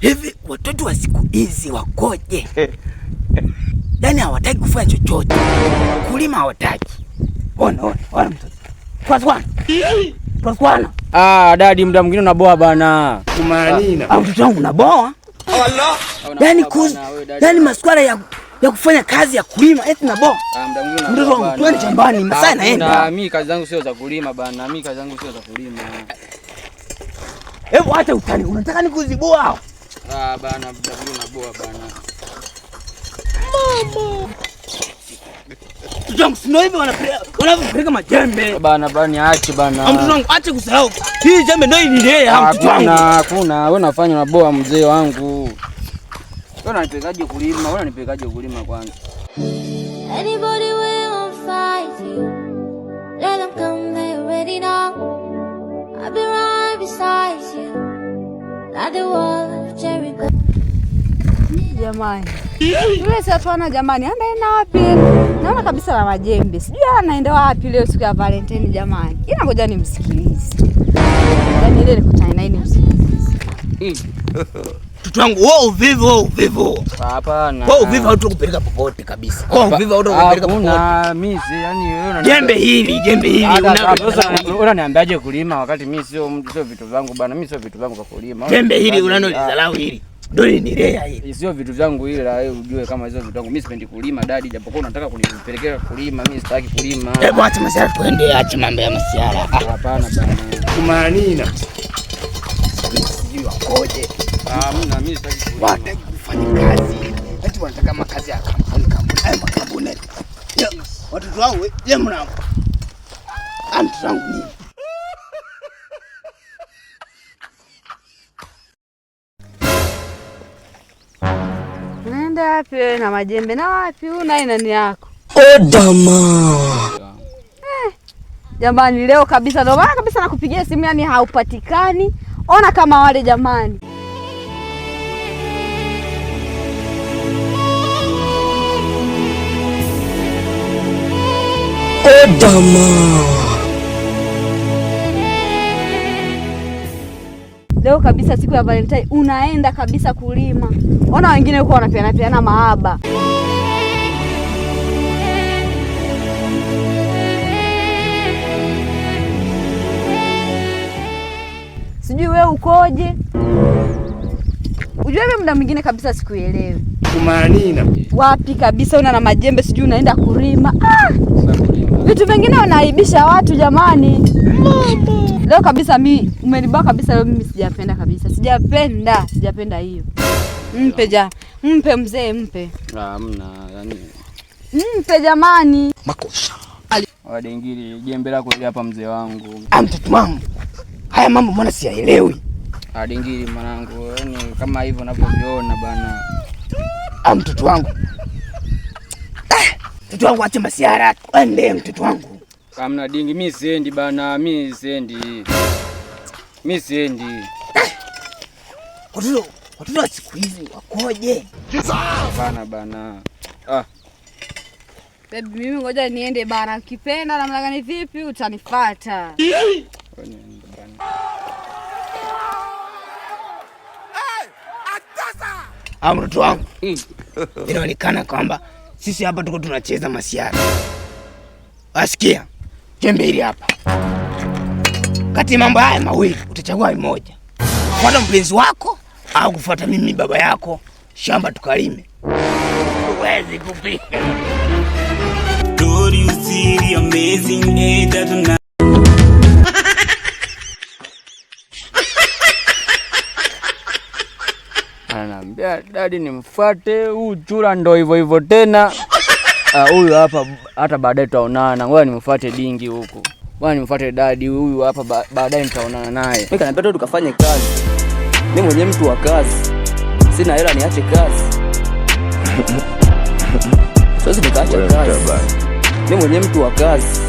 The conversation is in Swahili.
Hivi watoto wa siku hizi wakoje? Yaani hawataki kufanya chochote, kulima hawataki. Ona, ona, ona mtoto Paswana, Paswana. Ah, dadi, mda mwingine unaboa bana. Kumanina Ah, mtoto wangu unaboa? Allah, yaani kuzi, yaani maswala ya ya kufanya kazi ya kulima eti naboa. Ah, mtoto wangu twende shambani, masaa ah, naenda. Mimi kazi zangu sio za kulima bana, mimi kazi zangu sio za kulima. Hebu acha utani, unataka nikuzibua? Ah bana, unaboa bana. Mama. Mtu wangu sio hivi wanapeleka majembe. Bana bana, acha bana. Ah, mtu wangu acha kusahau. Hii jembe ndio ile ya ah, mtu wangu. Hakuna, hakuna. Wewe unafanya unaboa mzee wangu. Wewe unanipekaje kulima? Wewe unanipekaje kulima kwanza? Anybody Jamani, yule jamani, anaenda wapi? Naona kabisa na majembe, sijui anaenda wapi leo siku ya Valentine. Jamani, ila ngoja nimsikilize, yaani ile nikutane naye nimsikilize. Mm. mtoto wangu wewe, uvivu wewe, uvivu hapana, wewe uvivu hautakupeleka popote kabisa. Wewe uvivu hautakupeleka popote. Una mizi yani, wewe una jembe hili jembe hili, unaniambiaje kulima wakati mimi sio mtu, sio vitu vyangu bana, mimi sio vitu vyangu vya kulima. Jembe hili yaani unanolidharau ah. hili sio vitu vyangu, ila ujue kama hizo vitu vyangu mimi sipendi kulima dadi, japokuwa unataka kunipelekea kulima, mimi sitaki kulima. Hebu acha masiara, twende, acha mambo ya masiara. Hapana bana, kumanina sijui wakoje hamna, kufanya kazi, eti wanataka makazi ya kampuni kampuni, makampuni watoto wangu nini? wapi wewe na majembe na wapi inani yako odama eh, Jamani, leo kabisa, ndo maana kabisa nakupigia simu, yani haupatikani. Ona kama wale jamani. Obama. Leo kabisa siku ya Valentine unaenda kabisa kulima. Ona wengine huko wanapeana peana mahaba. Sijui wewe ukoje? Ujue mimi muda mwingine kabisa sikuelewi. Kumaanina? Wapi kabisa una na majembe sijui unaenda kulima. Ah! vitu vingine wanaaibisha watu jamani. Leo kabisa mi umenibaa kabisa, leo mimi sijapenda kabisa, sijapenda sijapenda hiyo. Mpe ja, mpe mzee, mpe hamna yani, mpe jamani, makosa wadengili jembe lako ile hapa, mzee wangu. Ah, mtoto wangu, haya mambo mbona siyaelewi? adingiri mwanangu, yani kama hivyo unavyoviona bana. Ah, mtoto wangu Mtoto wangu acha masiara, twende mtoto wangu. Kamna dingi, mi siendi bana, mi siendi. mi siendi. Eh, watoto, watoto wa siku hizi wakoje? Bana bana. Ah. Bebi, mimi ngoja niende bana. Ukipenda namna gani vipi utanifuata? Ah, mtoto wangu mm. inaonekana kwamba sisi hapa tuko tunacheza masiara. Asikia jembe hili hapa, kati mambo haya mawili utachagua moja, kufuata mpenzi wako au kufuata mimi baba yako, shamba tukalime. Huwezi kupinga. ananiambia dadi, nimfuate huu chura, ndo hivyo hivyo tena ah, huyu uh, hapa hata baadaye tutaonana. Ngoja nimfuate dingi huku, ngoja nimfuate dadi huyu hapa, baadaye nitaonana naye. Mimi kanambia tukafanye kazi, mimi mwenye mtu wa kazi, sina hela niache kazi sasa nikaacha kazi, mimi mwenye mtu wa kazi